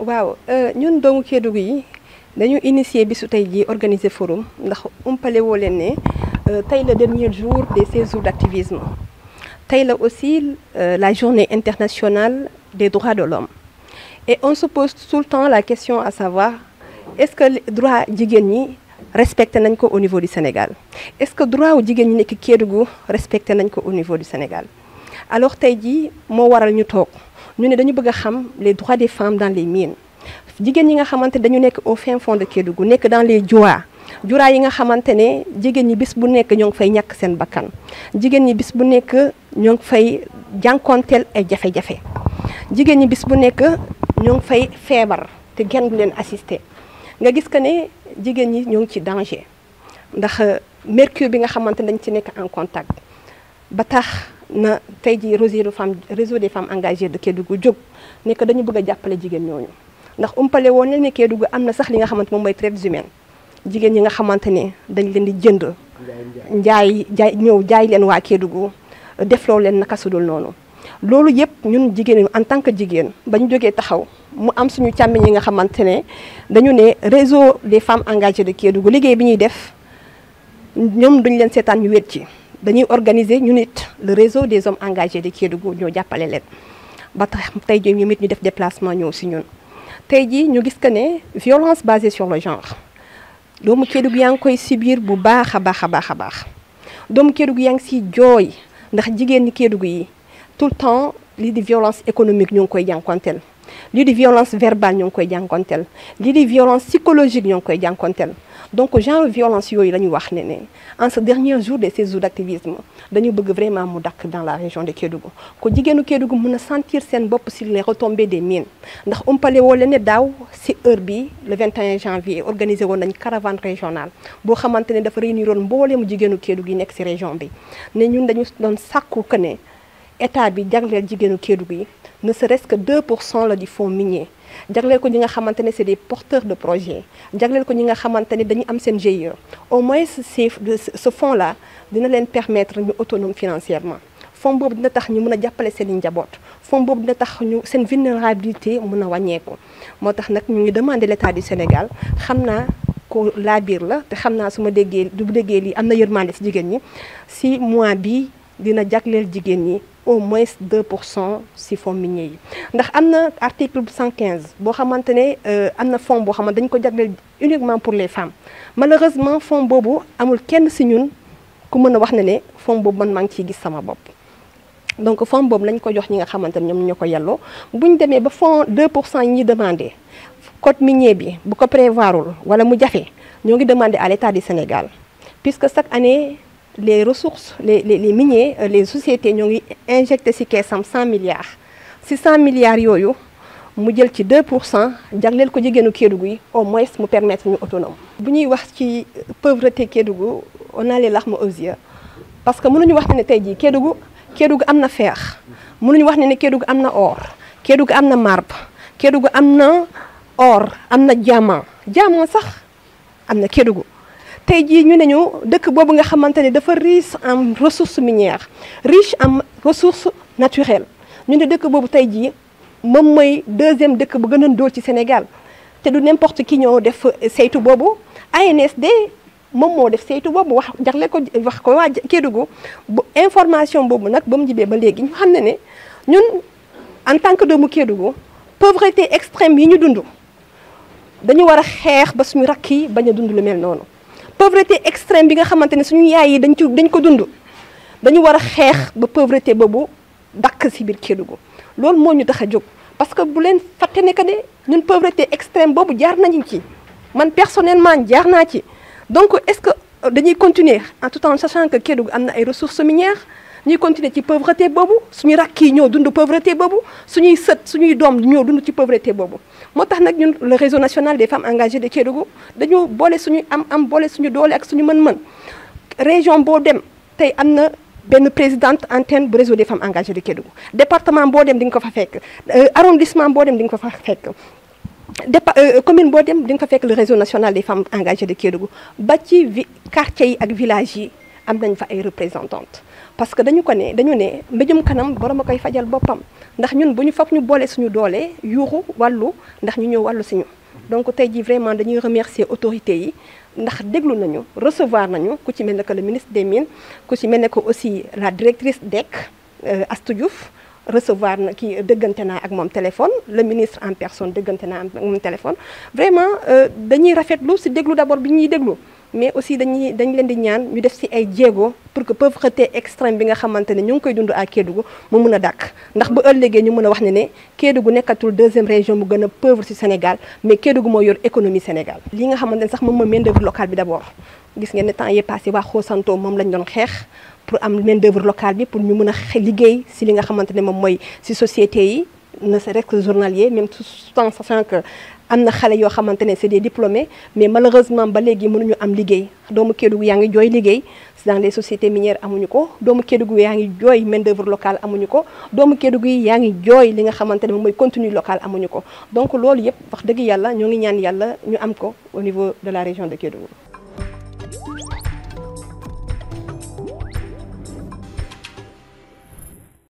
waaw euh, ñun doomu Kédougou yi dañu initier bisu tey jii organiser forum ndax umpale woo leen ne euh, tey la dernier jour des seize jours d'activisme tey la aussi euh, la journée internationale des droits de l'homme et on se pose tout le temps la question à savoir est-ce que droit jigéen ñi respecté nañ ko au niveau de Sénégal est-ce que droit jigéen ñi nekk Kédougou respecté nañ ko au niveau du Sénégal alors tey jii moo waral ñu toog ñu ne dañu bëgg a xam les droits des femmes dans les mines jigéen ñi nga xamante dañu nekk au fin fond de Kédougou nekk dans les Dioa Dioura yi nga xamante ne jigéen ñi bis bu nekk ñoo ngi fay ñàkk seen bakkan jigéen ñi bis bu nekk ñoo ngi fay jànkoonteel ay jafe-jafe jigéen ñi bis bu nekk ñoo ngi fay feebar te kenn leen assister nga gis que ne jigéen ñi ñoo ngi ci danger ndax euh, mercure bi nga xamante dañ ci nekk en contact ba tax na tey jii réseau femme réseau des femmes engagées de Kédougou jóg ne que dañu bëgg jàppale jigéen ñooñu ndax umpale woon ne ne Kédougou am na sax li nga xamante moom mooy traite humaine jigéen ñi nga xamante ne dañ leen di jënd njaay jaay ñëw jaay leen waa Kédougou defloo leen naka su dul noonu loolu yëpp ñun jigéen en tant que jigéen ba ñu jógee taxaw mu am suñu càmmiñ yi nga xamante ne dañu ne réseau des femmes engagées de Kédougou liggéey bi ñuy def ñoom duñ leen seetaan ñu wéet ci dañuy organiser ñu nit le réseau des hommes engagés de Kédougou ñoo jàppale leen ba tax tey jii ñu mit ñu def déplacement ñëw si ñun tey jii ñu gis que ne violence basée sur le genre doomu Kédougou yaa ngi koy subir bu baax a baax a baax a baax doomu Kédougou yaa ngi siy jooy ndax jigéen ñi Kédougou yi tout le temps lii di violence économique ñu ngi koy jànkuwanteel lii di violence verbale ñoo koy jànkonteel lii di violence psychologique ñoo ngi koy jànkonteel donc genre violence yooyu la wax ne ne en ce dernier jour de ces jours d' dañu bëgg vraiment mu dakk dans la région de Kédougou ko jigéenu Kédougou mën a sentir seen bopp si les retombées des mines ndax umpale woo leen ne daaw si heure bi le 21 janvier organisé woon nañ caravane régionale boo xamante ne dafa réunir woon mbooleemu jigéenu Kédougou yi nekk si région bi ne ñun dañu doon sàkku que ne état bi jagleel jigéenu Kédougou yi ne serait-ce pour cent la di fonds minier jagleel ko ñi nga xamante ne c'est des porteurs de projet jagleel ko ñi nga xamante ne dañu am seen GIE au moins ces ce fonds la dina leen permettre ñu autonome financièrement fonds boobu dina tax ñu mun a jàppale seen i njaboot fonds boobu dina tax ñu seen vulnérabilité mun a wàññeeku moo tax nag ñu ngi demander l'État du Sénégal xam naa ko laa biir la te xam naa su ma déggee du déggee lii am na yërmande si jigéen ñi si mois bi dina jagleel jigéen ñi au moins 2 pour cent si fonds miniers yi ndax am na article 115 boo xamante ne euh, am na fonds boo xamante dañ ko jagleel uniquement pour les femmes malheureusement fonds boobu amul kenn si ñun ku mën a wax na ne fonds boobu man maa ngi ciy gis sama bopp. donc fonds boobu lañ ko jox ñi nga xamante ne ñoom ñoo ko yelloo bu ñu demee ba fonds 2 pour cent yi ñuy demandé code minier bi bu ko prévoirul wala mu jafe ñoo ngi demandé à l' du Sénégal puisque chaque année. les ressources les les les miniers euh, les sociétés ñoo ngi injecté ci keesam 100 milliards. si cent milliards yooyu mu jël ci deux pour cent jagleel ko jigéenu Kédougou yi au moins mu permettre ñu autonome. bu ñuy wax ci pauvreté Kédougou on a les larmes aux parce que mënuñu wax ne tey jii Kédougou Kédougou am na fer mënuñu wax ne Kédougou am na or Kédougou am na marbre Kédougou am na or am na diamant diamant sax am na Kédougou. tey jii ñu ne ñu dëkk boobu nga xamante ne dafa riche en ressources minières riche en ressources naturelles ñu ne dëkk boobu tey jii moom mooy deuxième dëkk bu gën a ndóol ci Sénégal te du n'importe qui ñoo def saytu boobu de moom moo def saytu boobu wax ko wax ko waa Kédougou bu information boobu nag ba mu jibee ba léegi ñu xam ne ne ñun en tant que doomu Kédougou pauvreté extrême yi ñu dund dañu war a xeex ba suñu rakk yi bañ a dund lu mel noonu pauvreté extrême bi nga xamante ne suñu yaay yi dañ ci dañ ko dund dañu war a xeex ba pauvreté boobu dakk si biir Kédougou loolu moo ñu tax a jóg parce que bu leen fàtte ne que de ñun pauvreté extrême boobu jaar nañ ci man personnellement jaar naa ci donc est-ce que dañuy continuer en tout en sachant que Kédougou am na ay ressources minières ñi continuer ci pauvreté boobu suñu rakk yi ñoo dund pauvreté boobu suñuy sët suñuy doom ñoo dund ci pauvreté boobu moo tax nag ñun le réseau national des femmes engagées de Kédougou dañu boole suñu am boole suñu doole suñu mën-mën région boo dem tey am na benn présidente antenne bu réseau des femmes engagées de Kédougou département boo dem di nga ko fa fekk euh, arrondissement boo dem di nga ko fa fekk dépa euh, euh, commune boo dem di nga fa fekk le réseau national des femmes engagées de Kédougou ba ci quartier yi ak village yi am nañ fa ay représentante parce que dañu ko ne dañu ne mbéjum kanam borom a koy fajal boppam ndax ñun bu ñu fab ñu boole suñu doole yuuxu wàllu ndax ñu ñëw wàllu si ñu donc tey jii vraiment dañuy remercier autorité yi ndax déglu nañu recevoir nañu ku ci mel ne que le ministre des mines ku ci mel ne que aussi la directrice DEC euh, Astou Diouf recevoir na kii dëggante naa ak moom téléphone le ministre en personne dëggante naa ak moom téléphone vraiment euh, dañuy rafetlu si déglu d'abord bi ñuy déglu mais aussi dañuy dañ leen di ñaan ñu def ci ay jéego pour que pauvreté extrême bi nga xamante ne ñu ngi koy dund à Kédougou mu mën a dàkk ndax ba ëllëgee ñu mën a wax ne ne Kédougou nekkatul deuxième région bu gën a pauvre ci Sénégal mais Kédougou moo yor économie Sénégal li nga xamante ne sax moom mooy main d'œuvre locale bi d'abord gis ngeen ne temps yii passé waa Xosanto moom lañ doon xeex pour am main d'œuvre pour ñu mën a liggéey si li nga xamante ne moom mooy ci société yi ne serait-ce que journalier même tout en sachant am na xale yoo xamante ne c'est des diplômés mais malheureusement ba léegi mënuñu am liggéey doomu Kédougou yaa ngi jooy liggéey dans les sociétés minières amuñu ko doomu Kédougou yaa ngi jooy main d'œuvre locale amuñu ko doomu Kédougou yi yaa ngi jooy li nga xamante ne moom mooy contenu local amuñu ko donc loolu yëpp wax dëgg yàlla ñoo ngi ñaan yàlla ñu am ko au niveau de la région de Kédougou